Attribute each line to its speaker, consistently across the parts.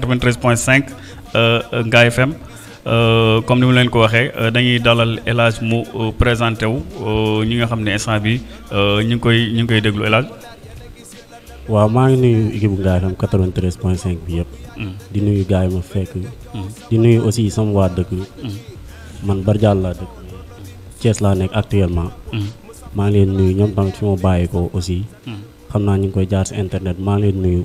Speaker 1: 93 point 5 Ngaye FM comme ni mu leen ko waxee euh, dañuy dalal El mu euh, présenté wu euh, ñi nga xam ne instant bi ñu ngi koy ñu ngi koy déglu El Hadj
Speaker 2: waaw maa ngi nuyu équipe Ngaye FM 93 point 5 bi yëpp. Hmm. di nuyu gaa yi ma fekk. Hmm. di nuyu aussi sama waa dëkk. Hmm. man Bardial laa dëkk. Thiès laa nekk actuellement. maa ngi leen nuyu ñoom tamit fi ma bàyyi ko aussi. xam naa ñu ngi koy jaar si internet maa ngi leen nuyu.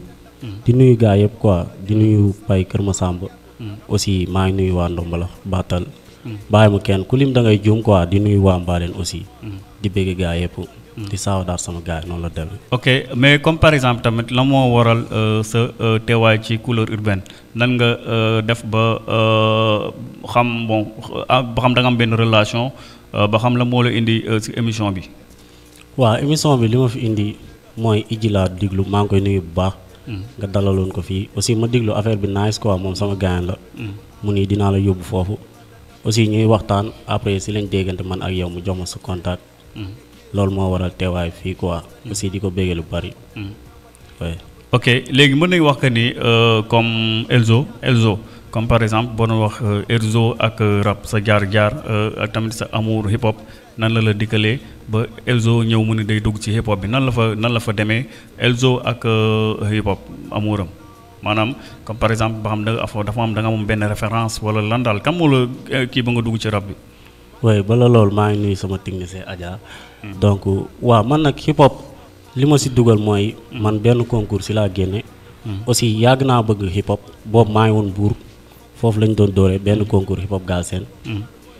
Speaker 2: di nuyu gaa yëpp quoi di nuyu Baye Kër ma Masamba. aussi maa ngi nuyu waa Ndombala Batal. bàyyi ma kenn ku lim da ngay juum di nuyu waa Mbaaleen aussi. di bëgg gaa yëpp. di saawa daal sama gars yi noonu la demee.
Speaker 1: ok mais comme par exemple tamit la moo waral euh, sa euh, teewaay ci couleur urbaine nan nga euh, def ba xam bon ah, ba xam da benn relation ba xam la moo la indi si émission bi.
Speaker 2: waaw émission bi li ma fi indi mooy Idji laa diglu maa ngi koy nuyu bu baax. nga dalaloon ko fii aussi ma déglu affaire bi nice quoi moom sama gaañ la mu nii dinaa la yóbbu foofu aussi ñuy waxtaan après si lañ déggante man ak yow mu jox ma sa contact loolu moo waral teewaay fii quoi aussi di ko béggee lu bari
Speaker 1: ok léegi mën nañu wax que ni euh, comme Elzo Elzo comme par exemple boo doon wax euh, Elzo ak euh, rab sa jaar jaar ak tamit sa amour hip hop nan la la dikkalee ba Elzo ñëw mu ne day dugg ci hip hop bi nan la fa nan la fa demee Elzo ak euh, hip hop amuuram maanaam comme par exemple ba xam da dafa am da nga am benn référence wala lan daal kam moo la euh, kii ba nga dugg ci rab bi.
Speaker 2: waaye bala loolu maa ngi nuyu sama technicien Adja. Hmm. donc waaw man nag hip hop li ma si dugal mooy. Hmm. man benn concours si laa génne. Hmm. aussi yàgg naa bëgg hip hop boobu maa ngi woon buur foofu lañ doon dooree benn concours hip hop Galsen.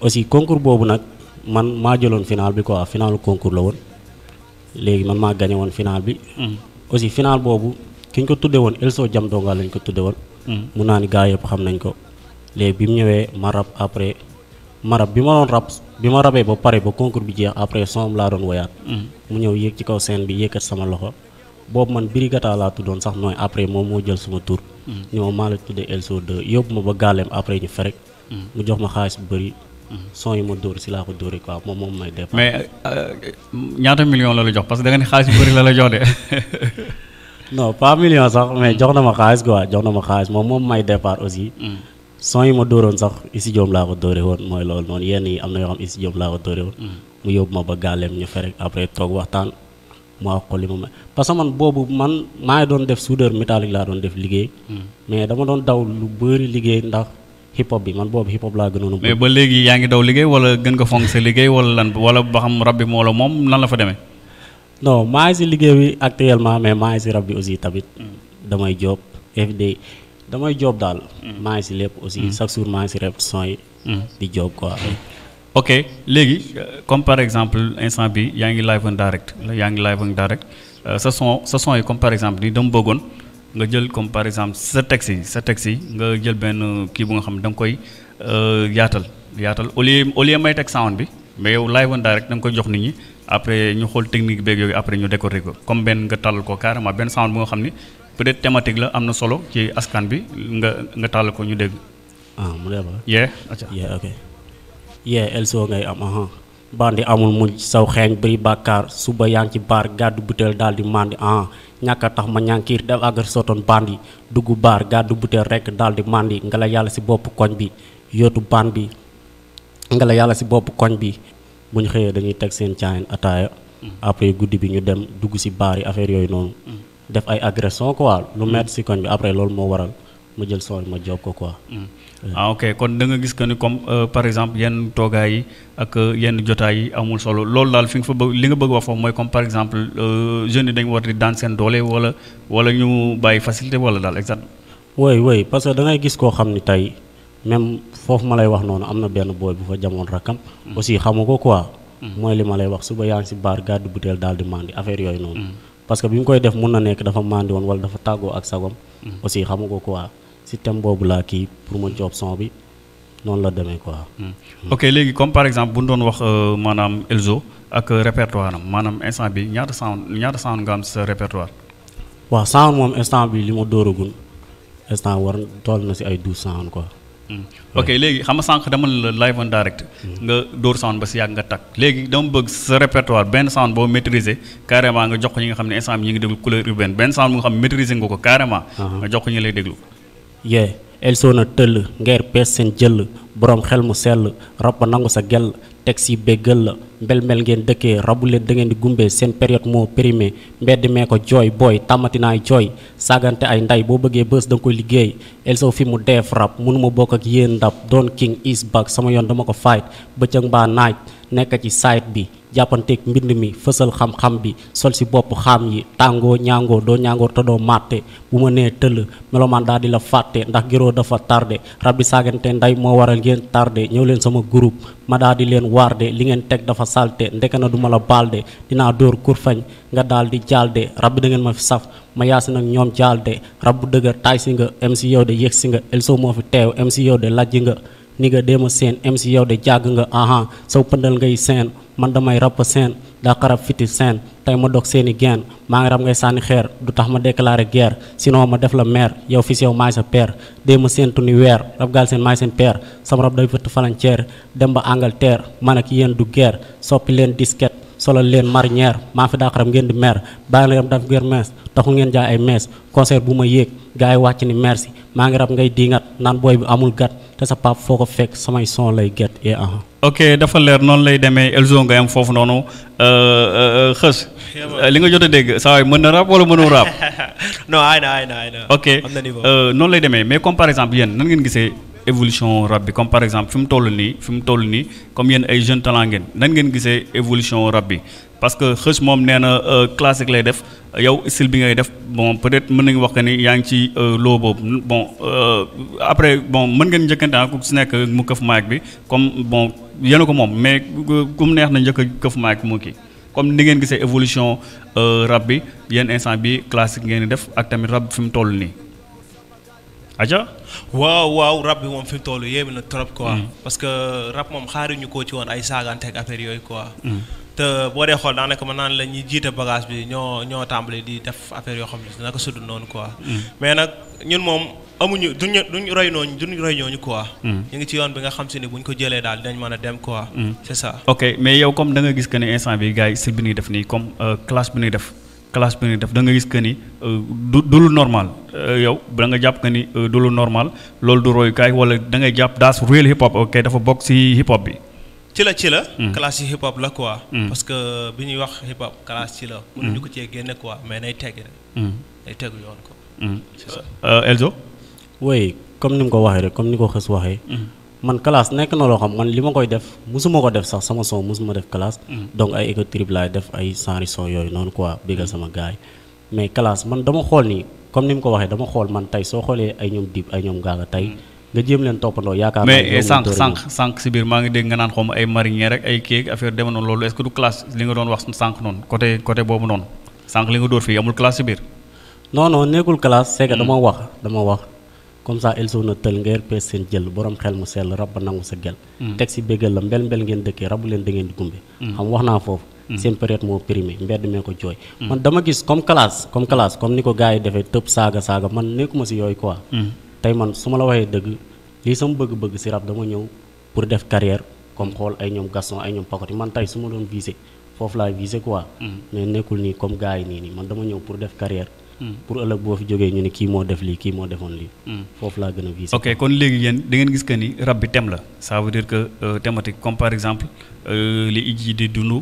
Speaker 2: aussi concours boobu nag. man maa jëloon final bi quoi finalu concours la woon léegi man maa gagné woon final bi. Hmm. aussi final boobu ki ñu ko tuddee woon Elso Jam Donga lañ ko tuddee woon. Hmm. mu naa ni gars yëpp xam nañ ko. léegi bi mu ñëwee ma rab après ma rab bi ma doon rab bi ma rabee ba pare ba concours bi jeex après som laa doon woyaat. Hmm. mu ñëw yéeg ci kaw seen bi yëkkat sama loxo. boobu man birigata laa tuddoon sax nooy après moom moo jël suma tur. ñoo maa la tuddee Elso 2 yób ma ba gàlleem après ñu ferek mu jox ma xaalis bu bëri. son yi ma dóor si laa ko dóoree moom may def. mais
Speaker 1: euh, ñaata million la la jox parce que da xaalis bu bëri la la jox de.
Speaker 2: non pas million sax mais jox na ma xaalis waa jox na ma xaalis moom moom may départ aussi. Mm. son yi ma dóoroon sax isi joom laa ko dóore woon mooy loolu noonu yenn yi am na yoo xam isi joom laa ko dóore woon. Mm. mu yóbbu ma ba gàlleem ñu ferek après toog waxtaan mu wax ko li ma may parce que man boobu man maa ngi doon def soudeur métallique laa doon def liggéey. Mm. mais hip hop bi man boobu hip hop laa gënoon mais
Speaker 1: ba léegi yaa ngi daw liggéey wala gën nga fonk sa liggéey wala lan wala ba xam rab bi la moom nan la fa demee. non maa ngi si liggéey bi actuellement mais maa ngi si rab bi aussi tamit. Mm. damay job FD damay job daal. Mm. maa ngi si lépp aussi mm. chaque jour maa ngi si rep son yi. di job quoi. ok léegi euh, comme par exemple instant bi yaa ngi live en direct yaa ngi live en direct euh, sa son sa son yi comme par exemple ni dama bëggoon. nga jël comme par exemple sa taxi sa taxi nga jël benn kii bu nga xam da nga koy euh, yaatal yaatal au li au lieu may teg sound bi mais yow live on direct da nga koy jox nit ñi après ñu xool technique beeg yooyu après ñu décoré ko comme benn nga tàllal ko carrément benn sound bu nga xam ni peut-être thématique la am na solo ci askan bi nga nga tàllal ko ñu dégg. ah mu dee ba. yeah. yeah ok
Speaker 2: yeah LCO ngay am bandi amul muñ saw xeng bari bakar suba yang ci bar gaddu butel di mandi ah ñaka tax ma ñankir def agar soton bandi dugu bar gaddu butel rek dal di mandi nga la yalla ci bop koñ bi yotu ban bi nga la yalla ci bop koñ bi buñ xeye dañuy tek seen caayen ataya après guddi bi ñu dem dugu ci bar yi affaire yoy non mm. def ay agression quoi lu mm. met ci koñ bi après lool mo waral ma jël sool ma job ko quoi
Speaker 1: hmm. ah ok kon da nga gis que ni comme euh, par exemple yenn toogaa yi ak euh, yenn jotaay yi amul solo loolu daal fi nga fa bëgg li nga bëgg wax foofu mooy comme par exemple euh, jeunes yi dañ war di daan seen doole wala wala ñu bàyyi facilité wala daal exact
Speaker 2: oui oui parce que da ngay gis koo xam ni tey même foofu ma lay wax noonu am na benn booy bu fa jamoon rakam hmm. aussi xamu ko quoi hmm. mooy li ma lay wax suba yaa ngi si baar gàddu butéel daal di mandi affaire yooyu noonu parce que bi mu koy def mun na nekk dafa mandi woon wala dafa tàggoo ak sagom aussi xamu ko quoi si thème boobu laa pour ma job son bi non la demee quoi. Hmm.
Speaker 1: ok léegi comme par exemple bu ñu doon wax euh, manam Elzo ak répertoire manam instant bi ñaata sound ñaata sound nga am sa répertoire.
Speaker 2: waaw sound moom instant bi li mo dóoragul instant war toll na ci ay douze sound quoi.
Speaker 1: Hmm. ok léegi xam nga sànq dama la live en direct. Hmm. nga dóor sound ba si yàgg nga tag léegi dama bëgg sa répertoire benn sound boo maîtriser carrément nga jox ko ñi nga xam ne instant bi ñu ngi déglu couleur urbaine benn sound bu nga xam ne maîtriser nga ko carrément. Uh-huh. nga jox ko ñu lay déglu.
Speaker 2: yee na tëll ngeer pees seen jël boroom xel mu sell rab ba nangu sa gell teg si béggal la mbelmel ngeen dëkkee rabu leen da ngeen di gumbe seen période moo périmé mbedd mee ko jooy booy tàmmati naay jooy saagante ay nday boo bëggee bës da koy liggéey elso fi mu deef rab mënu ma bokk ak yéen ndab doon king is back sama yoon dama ko fight bëccëg mbaa naaj nekk ci site bi jàppanteeg mbind mi fësal xam-xam bi sol si bopp xam yi tàngoo ñaangoo doo ñaangoor te doo màtte bu ma nee tëll melomaan daal di la fàtte ndax giroo dafa tardé rab di saagante nday moo waral ngeen tardé ñëw leen sama groupe ma daal di leen waarde li ngeen teg dafa salte ndeke na du ma la baalde dinaa dóor kurfañ nga daal di jaalde rab bi da ngeen ma fi saf ma yaasi nag ñoom jaalde rab bu dëgër taay si nga si yow de yëg si nga Elzo moo fi teew MC yow de lajji nga ni nga dem sen MC yow de jag nga aha saw pendal ngay sen man damay rap da dakara fiti sen tay ma dog seni gen ma ngi rab ngay sani xer du tax ma déclarer guerre sino ma def la mer yow fi yow maay sa père déema sen tuni wer rap gal sen maay sen père sam rap day fëtt falanceer dem ba angleterre man ak yeen du guerre sopi len disquette solal len marinière ma fi xaram ngeen di mer ba la yam daf guerre mes taxu ngeen ja ay mes concert buma yek wacc ni merci ma ngi rap ngay diingat nan boy bi amul gat sa pap foo ko fekk samay son lay get et eh, ah.
Speaker 1: ok dafa leer noonu lay demee Elzo nga am foofu noonu euh, euh, euh, xës. li nga jot a dégg saa waay mën na rap wala mënul rap.
Speaker 3: non ay na ok noonu
Speaker 1: lay demee mais comme par exemple yéen nan ngeen gisee. évolution rap bi comme par exemple fi mu toll nii fi mu toll nii comme yéen ay jeune talent ngeen nan ngeen gisee évolution rap bi parce que xës moom nee na euh, classique lay def yow style bi ngay def bon peut-être mën nañu wax que ni yaa ngi ci euh, loo boobu bon euh, après bon mën ngeen njëkkante ah ku si nekk mu këf maag bi comme bon yéen ko moom mais ku mu neex na njëkk a këf maag mu kii. comme ni ngeen gisee évolution rap bi yéen instant bi classique ngeen def ak tamit rap fi mu toll nii. aja
Speaker 3: waaw waaw rap bi moom fi mu toll yéeme na trop quoi mm. parce que rap moom xaaruñu ko ci woon ay saaganteeg affaire yooyu quoi mm. te boo dee xool daanaka ma naan la ñi jiite bagage bi ñoo ñoo tàmbali di def affaire yoo xam ne naka sudd noonu quoi mm. mais nag ñun moom amuñu duñ duñ roy nooñu duñ roy ñooñu quoi ñu ngi ci yoon bi nga xam si ni buñ ko jëlee daal dinañ mën a dem quoi c'est ça
Speaker 1: ok mais yow comme da nga gis que ne instant bi gars yi style bi ñuy def nii comme euh, classe bi ñuy def classe bi ñuy def da nga gis que ni euh, du dul normal Eh, yow da nga jàpp que ni eh, du lu normal loolu du royukaay wala da ngay jàpp daas real hip hop ok dafa bokk si hip hop bi ci la ci la hmm. classe
Speaker 3: hip hop la quoi hmm. parce que bi ñuy wax hip hop classe ci la hmm. mënu ñu ko cee génne quoi mais nay tegg rek nay tegg yoon ko
Speaker 1: euh, Elzo oui
Speaker 2: comme ni ko waxee rek comme ni ko xës waxee man classe nekk na loo xam man li ma koy def musuma ko def sax sama son musuma def classe donc ay éco trip laay def ay sanri son yooyu noonu quoi bégal sama gaay mais classe man dama xool nii comme ni mu ko waxee dama xool man tey soo xoolee ay ñoom dib ay ñoom gaaga tey nga jéem leen toppandoo yaakaar mais eh, sànq sànq
Speaker 1: sànq si biir maa ngi dégg nga naan xawma ay marinier rek ay kéeg affaire deme noonu loolu est du classe li nga doon wax sànq noonu côté côté boobu noonu sànq li nga dóor fii amul classe si biir
Speaker 2: non non nekkul classe c'est hmm. dama wax dama wax comme ça il soo na tël nga pees seen jël borom xel mu sell rab ba nangu sa gel hmm. teg si béggal la ngeen dëkkee rabu leen da ngeen di hmm. wax naa foofu Mm-hmm. seen période moo primé mbedd mee ko jooy mm-hmm. man dama gis comme classe comme classe comme ni ko gars yi defee tëb saaga saaga man nekkuma si yooyu quoi mm-hmm. tey man su ma la waxee dëgg lii sama bëgg-bëgg si rab dama ñëw pour def carrière comme xool ay ñoom gaston ay ñoom pakoti man tey su ma doon visé foofu laay visé quoi mais nekkul nii comme gars yi nii nii man dama ñëw pour def carrière pour ëlëk boo fi jógee ñu ne kii moo def lii kii moo defoon lii foofu
Speaker 1: laa gën a visé ok kon léegi yéen da ngeen gis que ni rab bi thème la ça veut dire que euh, thématique comme par exemple euh, li iji di dund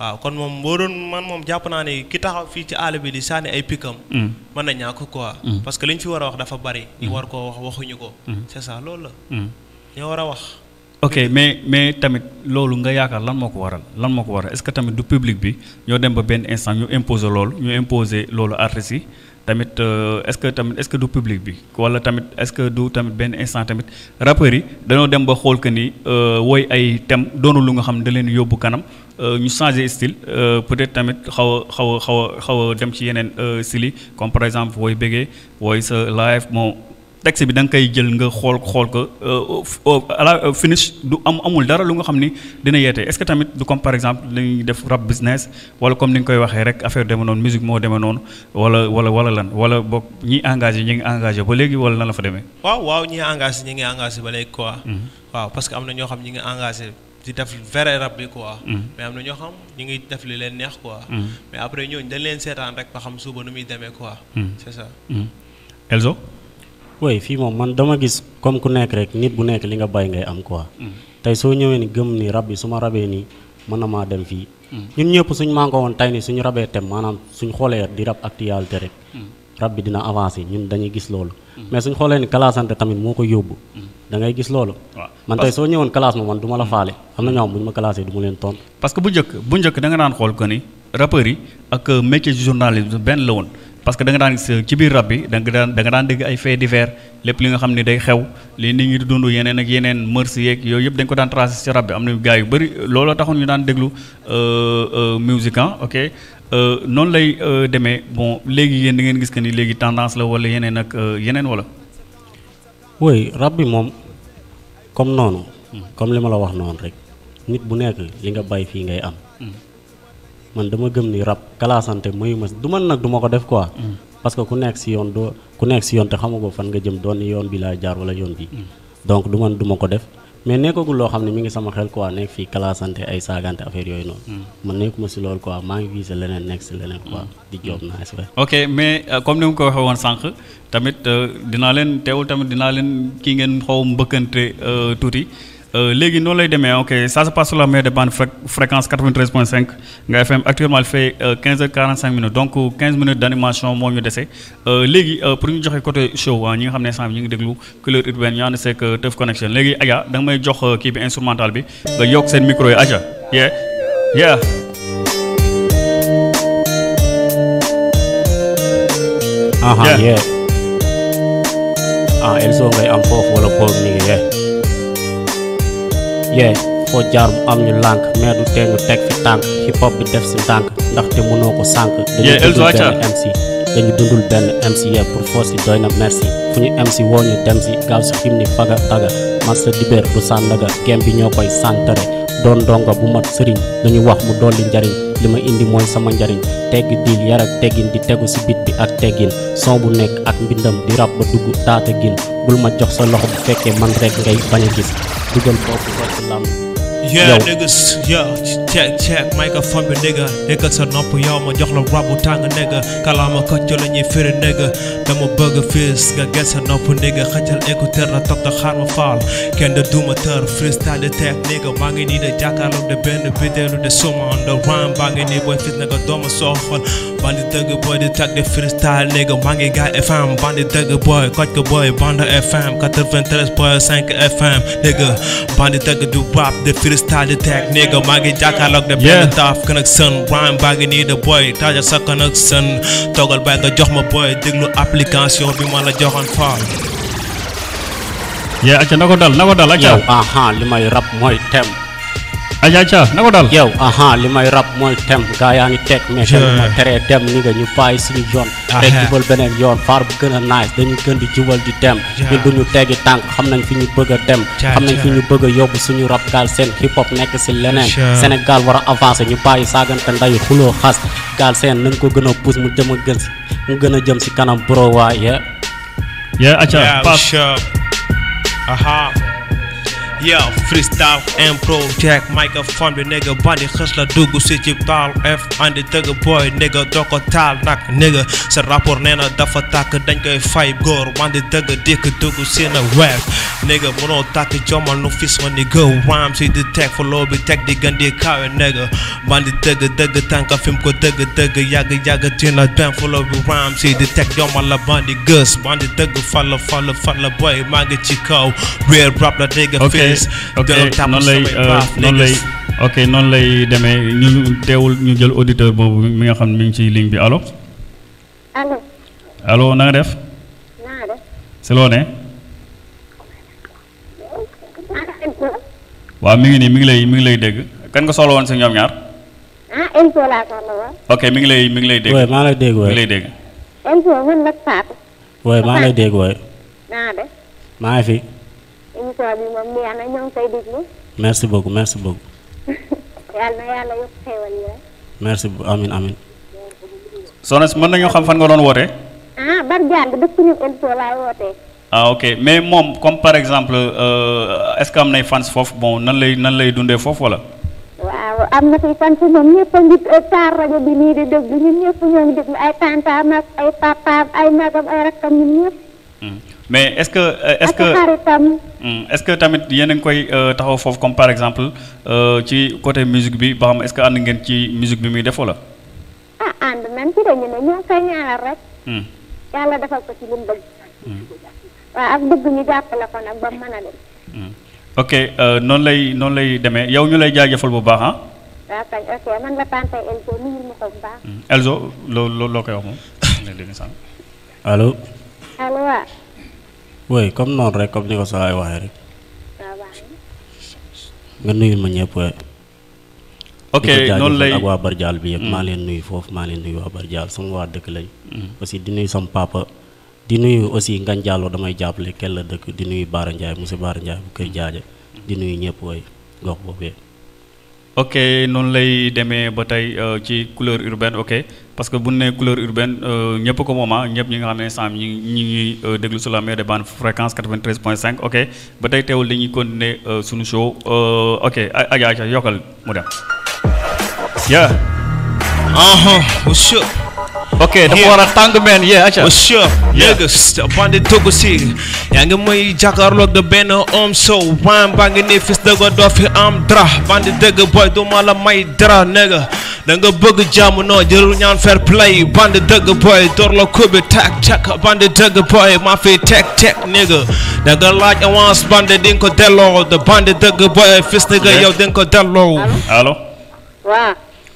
Speaker 3: waaw kon moom boo doon man moom jàpp naa ne ki taxaw fii ci àll bi di sànni ay pikkam mm. mën na ñàkk quoi mm. parce que li ñu fi war a wax dafa bari ñu mm. war koo wax waxuñu ko c'est ça loolu la ñoo war a wax
Speaker 1: ok mais mais tamit loolu nga yaakaar lan moo ko waral lan moo ko waral est-ce que tamit bi ñoo dem ba benn instant ñu imposer loolu ñu imposer loolu artistes yi tamit euh, est-ce que tamit est-ce que du public bi walla tamit est-ce que du tamit benn instant tamit rappeurs yi dañoo dem ba xool que ni euh, woy ay thème doonu lu nga xam ne da leen yóbbu kanam Euh, ñu changer style euh, peut-être tamit xaw a xaw a xaw dem ci yeneen euh, style yi comme par exemple wooy bëggee wooy sa live moom texte bi da nga koy jël nga xool xool ko à la finish du am amul dara lu nga xam ni dina yeete est-ce que tamit du comme par exemple dañuy def rap business wala comme ni nga koy waxee rek affaire deme noonu musique moo demee noonu wala wala wala lan wala boog ñi engagé ñi ngi engage ba léegi wala na la fa demee.
Speaker 3: waaw waaw ñi engagé ñi ngi di def vrai rab bi quoi. Mm-hmm. mais am na ñoo xam ñu ngi def li leen neex quoi. Mm-hmm. mais après ñooñ dañ leen seetaan rek ba xam suba nu muy demee quoi. Mm-hmm.
Speaker 2: c'est ça. fii moom man dama gis comme ku nekk rek nit bu nekk li nga bay ngay am quoi. tey soo ñëwee ni gëm ni rab bi su ma rabee nii mën na maa dem fii. ñun ñëpp suñu mànkoo woon tey ni suñu rabee tem maanaam suñu xoolee di rab actualité rek. rab bi dina avancé ñun dañuy gis loolu mais suñ xoolee ni classante tamit moo koy yóbbu da ngay gis loolu
Speaker 1: man tey soo ñëwoon classe ma man du ma la faale am na ñoo xam bu ñu ma classé du leen toon parce que bu njëkk bu njëkk da nga daan xool que ni rappeurs yi ak euh, métier journalisme benn la woon parce que daan gis euh, ci biir rab bi da daan dégg ay faits divers lépp li nga xam ne day xew li nit ñi di yeneen ak yeneen mœurs yeeg yooyu yëpp dañ ko daan tracé Euh, noonu lay euh, demee bon léegi yéen da ngeen gis que ni léegi tendance la wala yeneen ak euh, yeneen wala.
Speaker 2: oui rab bi moom comme noonu. Hmm. comme li ma la wax noonu rek nit bu nekk li nga bay fii ngay am. Hmm. man dama gëm ni rab kalaasante mayu ma du man nag du ma ko def quoi. Hmm. parce que ku nekk si yoon doo ku nekk si yoon te ko fan nga jëm doon yoon bi laa jaar wala yoon bi. donc du man du ko def. mais nekkagul loo xam ne mu ngi sama xel quoi nekk fii classante ay saagante affaire yooyu noonu. Hmm. man nekkuma si loolu quoi maa ngi visé leneen nekk si leneen quoi hmm. di job naa
Speaker 1: si ok mais euh, comme ni mu ko waxee woon sànq tamit euh, dinaa leen teewul tamit dinaa leen kii ngeen xaw mbëkkante euh, tuuti. Euh, léegi noonu lay demee ok ça se passe sur la meilleure de bande fréquence 93.5 nga FM actuellement il fait 15 h 45 minutes donc 15 euh, minutes d' animation moo ñu dese euh, léegi pour ñu joxe côté show ah, ñi nga xam ne sànq ñu ngi déglu couleur urbaine ñu ànd que Teuf Connection léegi Adja da nga may jox kii bi instrumental bi nga yokk seen micro yi Adja yeah yeah
Speaker 2: ah yeah ah el soo ngay am foofu wala foofu yeah yeah foo jaar mu am ñu lànk mais du teg fi hip hop bi def si tànk ndaxte mënoo ko sànk dañu dundul MC dañu dundul benn MC yeah pour force doy na merci fu ñu MC woo ñu dem si gaaw si xim ni faga taga man sa dibeer du sàndaga gem bi ñoo koy santare doon donga bu mat sëriñ dañu wax mu njariñ indi mooy sama njariñ tegg diil yar ak teggin di tegu si bit bi ak teggin son bu ak mbindam di rab ba dugg taata gin bul ma jox sa loxo bu man rek ngay bañ gis Rudolf Rosenthal zu landen. Yeah, yo.
Speaker 3: niggas, yeah, check, check, microphone bi nigga nekkal sa nopp yow ma jox la rab bu tàng nigga kalaama kocc la ñuy firi nigga dama bëgg fils nga gel sa nopp nigga xëccal écouteur la toog da xaar ma faal kenn da duma tër freestyle de tech nigga maa ngi nii de jàkkaarloog de benn bideelu de suma on the rhyme baa ngi nii booy fit nigga dooma soofal bandi dëgg boy, the tag the freestyle nigga maa ngi gaay FM bandi dëgg booy kocc ko booy bande FM boy, 93 point 5 FM nigga bandi dëgg du rap de cristal di teg néega maa sa jox ma boy déglu application bi
Speaker 1: dal na ko dal
Speaker 2: li may rap mooy tem aja aja na ko daal yow aha li may rab mooy tem gaa yaa ngi teg mais ma teree tem ni nga ñu bàyyi suñu yoon rek jubal beneen yoon faar bu gën a nice gën di jubal di tem ñun duñu teggi tànk xam nañ fi ñu bëgg a dem xam nañ fi ñu bëgg a suñu rab gaal seen hip nekk si leneen Sénégal war a avancer ñu bàyyi saagante nday xuloo xas gaal seen nañ ko gën a pousse mu jëm a gën si mu gën a jëm si kanam bro waa ye ye
Speaker 3: Yo, freestyle en project Microphone, de nigga Body hustler, dugu zit je tall, F and the thugger boy, nigga Doko tall, knock, nigga Ze rapper nena dat vertakken, denk je five gore Want de digger dikke dugu zit een rap Nigga, mono takken, jammer, no vies the rhyme Rhymes, de tag, follow, bij tag, die gun the car, nigga Want de dugger, digger, tanka, filmko digger, dugger, yaga, yaga tina, ben, verloor bij rhymes De tag, jammer, la bandy, gus Want the thugger follow, follow, follow boy, maak het je chico Real rap, dat nigga, okay. place okay non lay euh, non lay
Speaker 1: ok non lay demee ñu teewul ñu jël auditeur boobu mi nga xam ne mi ngi ci ligne bi allo. allo. allo na nga def. na nga def. si loo ne. waaw mi ngi nii mi ngi lay mi ngi lay dégg kan nga soxla woon si ñoom ñaar.
Speaker 4: ah Elzo laa soxla woon.
Speaker 1: ok mi ngi lay mi ngi lay dégg. oui maa lay dégg waay mi ngi lay dégg.
Speaker 4: Elzo man nag Fatou.
Speaker 2: oui maa lay dégg waay. na nga def. maa fi.
Speaker 4: émission bi moom neex na ñoo ngi koy
Speaker 2: merci beaucoup merci beaucoup.
Speaker 4: yàlla yàlla yokk xéwal yi
Speaker 1: merci beaucoup amin amin soxna mën nañoo xam fan nga doon wootee.
Speaker 4: ah Bar Diagne dëkk ñu Elto laa wootee.
Speaker 1: Ah, ok mais moom comme par exemple euh, est-ce que am nay fans foofu bon nan lay nan lay dundee foofu wala.
Speaker 4: waaw am na fi fans moom ñëpp ngi taar euh, rajo bi nii di déglu ñun ñëpp ñoo ngi ay tantaam ay papaam ay magam ay rakkam ñun ñëpp.
Speaker 1: Hmm. mais est-ce que euh, est-ce que hmm, est-ce que tamit yéen ngi koy euh, taxaw foofu comme par exemple euh, ci côté musique bi ba xam est-ce que ànd ngeen ci musique bi muy def wala.
Speaker 4: ah ànd nañ ci dañu ne ñoo koy ñaanal rek. Hmm. yàlla defal ko ci li mu bëgg. Hmm. waaw ak bëgg ñu jàppale ko nag ba mën a
Speaker 1: dem. ok noonu lay noonu lay demee yow ñu lay jaajëfal bu baax ah.
Speaker 4: waaw kay ok man la tante Elzo nuyu ma ko bu baax.
Speaker 1: Elzo loo loo koy wax moom.
Speaker 2: allo. oui comme noonu rek comme ni ko saa waxee rek. nga nuyul ma ñëpp. ok noonu lay ak waa Barjaal bi yëpp. Mm. maa leen nuyu foofu maa leen nuyu waa Barjaal sama waa dëkk lañ. Mm. aussi di nuyu sama di nuyu aussi Ngagne damay jàppale kenn la dëkk di nuyu Baara Ndiaye monsieur Baara Ndiaye bu koy mm. jaaja di nuyu ñëpp way gox boobu
Speaker 1: ok non lay demee ba tey euh, ci couleur urbaine ok parce que bu ne couleur urbaine euh, ñëpp ko mooma ñëpp ñi nga ne sam ñi ñi ngi euh, déglu sur la meilleure des bandes fréquence 93 ok ba dañuy continuer sunu show ok aja aja yokkal mu dem
Speaker 3: yeah uh ah, -huh. Oh, oh, ok dafa war a tàng meen yee acca monsieur bandi togg si yaa ngi may jàkkaarloog de benn homme sow waan baa ngi nii fis dëgg doo fi am dara bandi dëgg boy du ma la may dara néega da bëgg jàmm noo jërul ñaan fair play bandi dëgg boy door la kubi tak bandi dëgg boy maa fi teg teg néega da laaj avance bandi di ko delloo bandi dëgg boy fis dëgg yow di ko delloo allo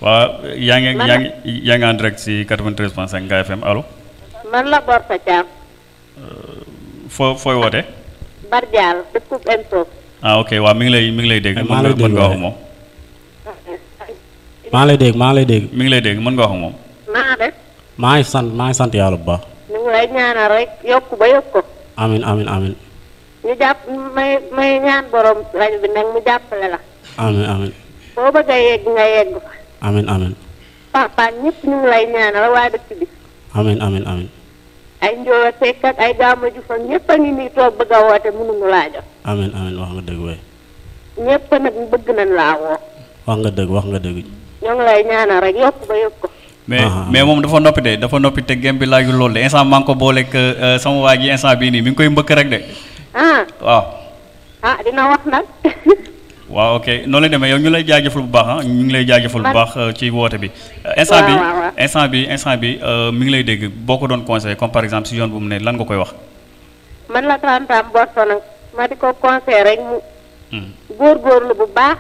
Speaker 1: waaw yaa ngi yaa ngi yaa ngi en direct si 93.5 Ngaye FM allo.
Speaker 4: man la Borka Thiam.
Speaker 1: Euh, foo fooy woote.
Speaker 4: Bar Diallo dëkku Mtouf.
Speaker 1: ah ok waaw mi ngi lay mi ngi lay dégg. mën nga mën nga wax maa ngi lay dégg maa ngi lay dégg. mi ngi lay dégg mën nga wax moom. naa def. maa ngi sant maa sant yàlla bu baax.
Speaker 4: ñu ngi lay ñaanal rek yokk ba yokk ko.
Speaker 2: amin amin amin
Speaker 4: ñu jàpp may may ñaan borom rajo bi nag mu jàppale la. amin amin boo bëgg a nga yegg amin amin papa ñëpp ñu ngi lay ñaanal waa dëkk bi.
Speaker 2: amin amin amin
Speaker 4: ay njóowa sekk ay gàmmu ju fa ñëpp a ngi nii toog bëgg a woote mënuñu laa jot.
Speaker 2: amin amin wax nga dëgg
Speaker 1: waay.
Speaker 4: ñëpp nag bëgg nañ laa woo.
Speaker 1: wax nga dëgg wax nga dëgg.
Speaker 4: ñoo lay ñaanal rek yokk ba yokk
Speaker 1: mais ah, ah, ah. mais moom dafa noppi de dafa noppi te gem bi laaju loolu de instant maa ngi ko booleeg euh, sama waa ji instant bii nii mi ngi koy mbëkk rek de. ah
Speaker 4: dina wax nag.
Speaker 1: waaw ok noonu lay demee yow ñu lay jaajëfal bu baax ah ñu ngi lay jaajëfal bu baax euh, ci woote bi. Euh, issant bi issant bi instant bi euh, mi ngi lay dégg boo ko doon conseillé comme par exemple si yoon bu mu ne lan nga koy wax.
Speaker 4: man la 30 ans ma di ko conseillé rek mu. Hmm. góorgóorlu bu baax.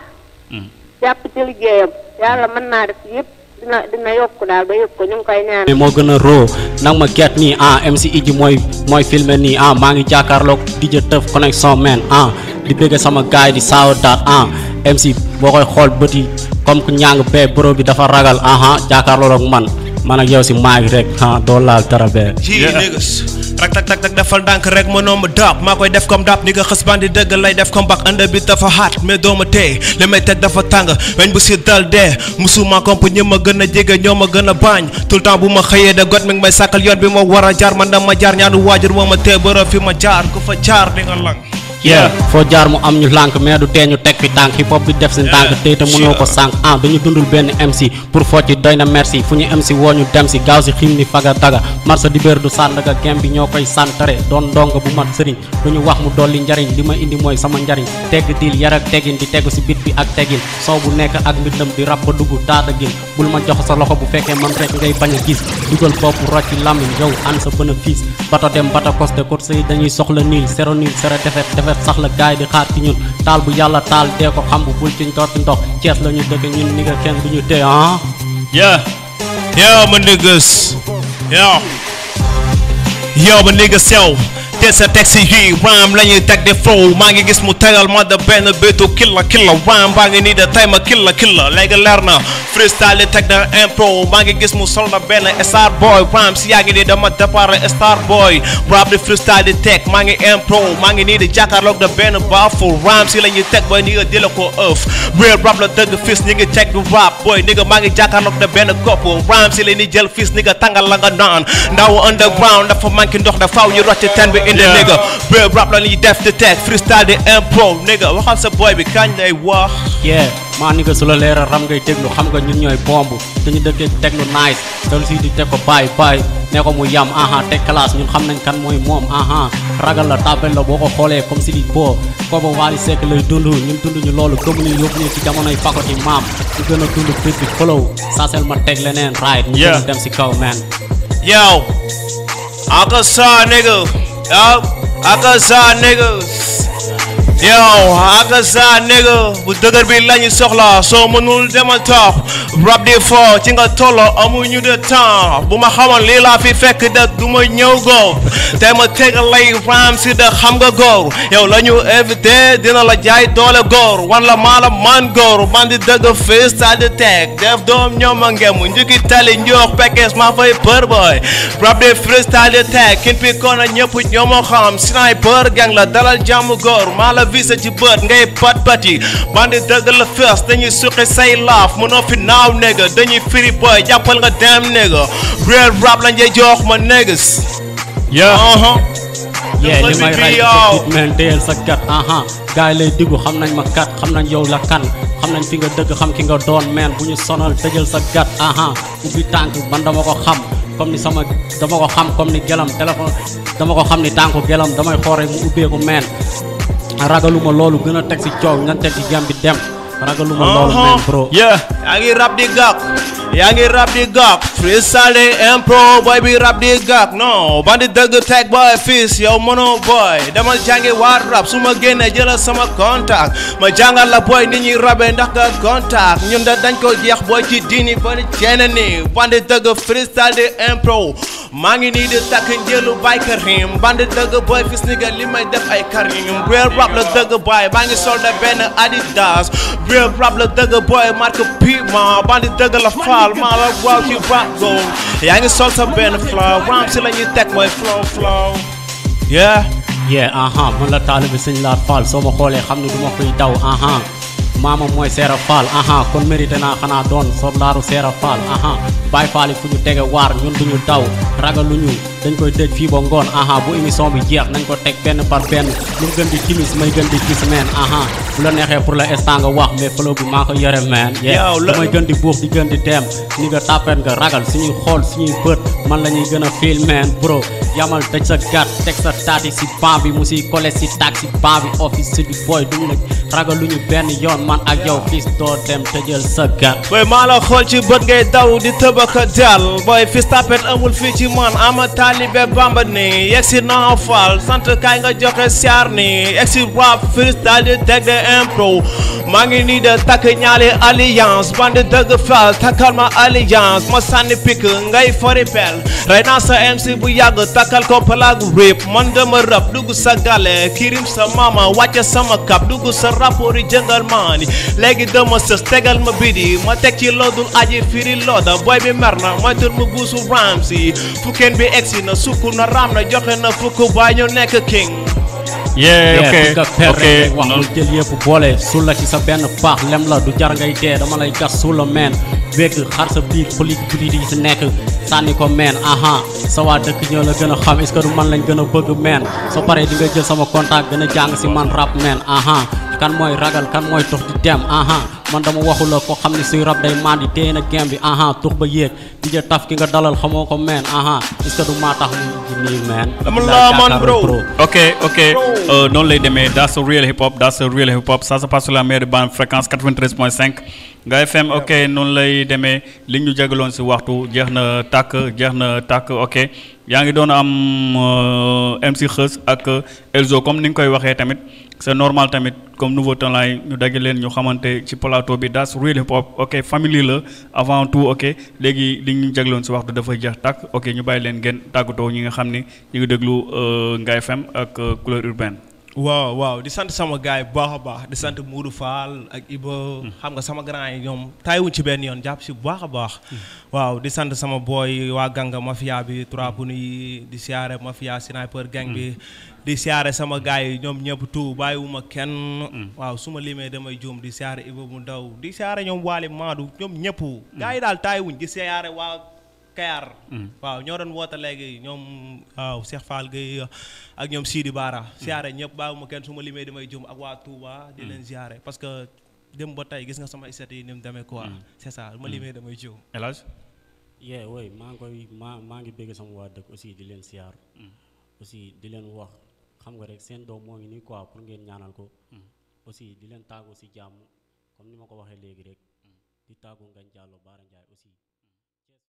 Speaker 4: Hmm. jàpp ci liggéeyam yàlla mën naa def yëpp dina dina yokk daal ba yokk ko ñu ngi koy ñaan. moo
Speaker 2: gën a roo nag ma get nii ah i Idji mooy mooy filmer nii ah maa ngi jàkkaarloog DJ Teuf connexion man ah. di bëgg sama gaay di saw dat An ah, MC bokoy xol beuti comme ku ñang be bro bi dafa ragal aha lo ak man man ak yow si maag rek ha ah, do laal dara be
Speaker 3: tak tak tak tak defal dank rek mo ma dab makoy def comme dab ni nga xess bandi deug lay def comme bak ande bi dafa hat mais do ma tey le may tek dafa tang wagn bu si dal de musuma komp ñe ma gëna jégué ñoma gëna bañ tout temps bu ma xeyé da got mek may sakal yoon bi mo wara jaar man dama jaar ñaanu wajur ma té bëra fi ma jaar ku fa jaar di nga lang
Speaker 2: yeah foo jaar mu am ñu lank mais du teñu tek fi tank hip hop bi def sen tank tey te mëno ko sank ah dañu dundul ben MC pour fo ci mercy merci fu ñu MC woo ñu dem si gaaw ci xim faga daga marsa di béer du ga gem bi ñokay santare don dong bu mat sëriñ lu wax mu doli ndariñ lima indi moy sama ndariñ tegg diil yar ak teggin di teggu ci bit bi ak teggin so bu nek ak mitam di rap ba dugg taada gin bul ma jox sa loxo bu fekke man rek ngay bañ gis dugal fop rocc lamiñ an sa bata dem bata coste dañuy soxla nil sero sera defet defet rafet sax la gaay di xaar ci ñun taal bu yàlla taal dee ko xam bu bul ci ndox cees la ñu ñun ni nga kenn tee ah
Speaker 3: yeah yeah my niggas yeah yeah my niggas self te sa texte yi maa ngi gis mu tegal ma da benn bétu killa killa raam baa ngi nii da tay ma killa killa léegi leer na freestyle teg na impro maa ngi gis mu sol na benn star boy raam si yaa ngi nii dama départ star boy maa ngi nii di jàkkaarloog da benn baafu raam si la ni di la ko ëf real rap la dëgg fis ñi ngi teg du rap boy ni nga maa ngi jàkkaarloog da benn kopp raam si la da faaw ñu rocc teen bi génne nigga bépp rap la ñuy def di freestyle di impro nigga waxal sa boy bi kañ lay wax
Speaker 2: yeah maa nigga su la leeral ram ngay déglu xam nga ñun ñooy bomb dañu dëkkee techno nice solu si di teg ko bàyyi bàyyi ne ko mu yam aha teg classe ñun xam nañ kan mooy moom aha ragal la tabel la boo ko xoolee comme si di boo kooba Wally Seck lay dund ñun dund ñu loolu gëmuñu yóbbu ñu ci jamonoy pakoti maam ñu gën a dund bés bi follow saasel ma teg leneen right ñu dem si kaw man
Speaker 3: yow encore nigga Yup, I can saw niggas yo aka sa néga bu dëgër bi lañu soxla soo mënul demal toog rab di foo ci nga tollo amuñu de temps bu ma xamoon lii laa fi fekk de du ñëw góor te ma teg lay raam si de xam nga góor yow la ñu dina la jaay doole góor wan la mala la man góor man di dëgg fii stade teg def doom ñoom a ngem njukki tali njoox pekkees maa fay për boy rab di freestyle teg kin pi koona ñëpp ñoo ma xam sniper gang la dalal jamu gor maa visé ci bët ngay bat bat yi bandi dëgg la fees dañuy suqi say laaf mënoo fi naaw nega dañuy firi boy jàppal nga dem nega real rap lañ lay jox ma negus yeah uh-huh. yeah li may ray
Speaker 2: man deyal sa gat aha uh-huh. gars yi lay diggu xam nañ ma kat xam nañ yow la kan xam nañ fi nga dëgg xam ki nga doon meen bu ñu sonal dëjal sa gat aha uh-huh. ubbi tànk man dama ko xam comme ni sama dama ko xam comme ni gelam téléphone dama ko xam ni tànku gelam ragaluma lolou gëna tek lu ciow coow ci jambi jam dem ragaluma lolou même bro yeah yaa
Speaker 3: rap di Yangi rap the gok, freestyle impro, boy be rap the gok. No, bandit dug tag boy fist, yo mono boy. Dama jangi war rap, suma gene jela sama contact. Ma jangal la boy ni rap rabé ndax contact. Ñun da dañ ko boy ci dini ba jene ni. Bandit dug freestyle de impro. maa ngi nii di takk njëlu bay karim bandi dëgg boy fis ni nga li may def ay karim real rap la dëgg boy maa ngi sol de adidas real rap la dëgg boy marque Puma bandi dëgg la faa Mal, mal, you back girl. Yeah, I can salt up in the flow. Rhyme till you that way flow, flow.
Speaker 2: Yeah. Yeah, aha, mun la talib señ la fal soma xolé xamni duma koy Uh-huh. Mama moy sera fal aha kon mérité na xana doon soblaaru sera Uh-huh. bay faali fuñu ñu tege waar ñun duñu taw ñu dañ koy tej fi bo ngon aha bu émission bi jeex nañ ko tek ben par ben ñu gën di timis may gën di gis aha bu la nexé pour la instant nga wax mais flow bi mako yoré men yow la may gën di buux di gën di dem ni nga tapen nga ragal suñu xol suñu bët man lañuy gëna feel bro yamal tek sa gat tek sa tati si pan bi mu siy kole si taxi si bi office si du boy duñ la
Speaker 3: ragaluñu ben yoon man ak yow fils do dem tëjal sa gat koy mala xol ci bëgg ngay daw di tëba ma ko jàll booy fis tapet amul fii ci man ama taalibe bamba ni yegg si noo faal sant kaay nga joxe siyaar ni yegg si rap freestyle di dégg impro maa ngi nii de takk ñaali alliance bandi dëgg faal takkal ma alliance ma sànni pik ngay fori rey naa sa MC bu yàgg takkal ko palaag rip man dama rap dugg sa gale kirim sa mama wàcce sama kap dugg sa rapport jëngal maani léegi dama sës tegal ma bidi ma teg ci loodul aji firi looda booy bi mer na moytul mu guusu raam si fukkeen bi egsi na sukk na raam na joxe na fukk waaye ñu nekk king
Speaker 2: yee ok nga perre wax jël yëpp boole suul la ci sa benn paax lem la du jar ngay dee dama lay gas suul la meen wékk xar sa biir politique politique yi si nekk sànni ko meen aha sa waa dëkk ñoo la gën a xam est du man lañ gën a bëgg meen soo paree di jël sama contact gën a jàng si man rap meen aha kan mooy ragal kan mooy tox di dem aha man dama waxu la ko xam ne suy rab day maan di na game bi aha tux ba yéeg di jë taf ki nga dalal xamoo ko meen aha est-ce du maa tax mu ji nii meen
Speaker 1: ok ok euh, noonu lay demee that's a real hip hop that's a real hip hop ça se passe sur la meilleure bande fréquence 93 point noonu lay demee li ñu jagaloon si waxtu jeex na tàkk jeex na tàkk ok yaa ngi doon am euh, MC Xës ak Elzo comme ni nga koy waxee tamit c'est normal tamit comme nouveau talent yi ñu dagg leen ñu xamante ci plateau bi that's real hip hop ok famille la avant tout ok léegi li ñu jegloon si waxtu dafa jeex tàkk ok ñu bàyyi leen ngeen tàggatoo ñi nga xam ni ñu ngi déglu euh, ngay FM ak euh, couleur urbaine.
Speaker 3: waaw waaw di sant sama gaay bu baax a baax di sant Mourou Fall ak Iba hmm. xam nga sama grand yi ñoom taayiwuñ ci benn yoon jàpp si bu baax a baax hmm. waaw di sant sama booy waa gàng mafia bi trois punu yi di siyaare mafia sniper gang bi hmm. di siyaare sama gaay yi ñoom ñëpp tout bàyyiwuma kenn waaw su ma limee damay juum di siyaare Iba mu daw di siyaare ñoom Waly Maadu ñoom ñëpp gaay yi daal taayiwuñ di siyaare waa Kayar mm. waaw ñoo doon woote léegi ñoom waaw Cheikh Fall gay uh, ak ñoom Sidi Bara mm. siyaare ñëpp bàyyuma kenn suma ma limee damay jum ak waa Touba di mm. leen ziaré parce que dem ba tey gis nga sama isat yi nim mu demee quoi c'est ça ma limé damay jum
Speaker 1: elage
Speaker 2: yeah way maa ngi koy maa maa ngi bégg sama waa dëkk aussi di leen ziar aussi di leen wax xam nga rek seen doom moo ngi nii quoi pour ngeen ñaanal ko aussi di leen si jàmm comme ni ma ko waxee léegi rek di tagu ngañ jàllo baara njaay aussi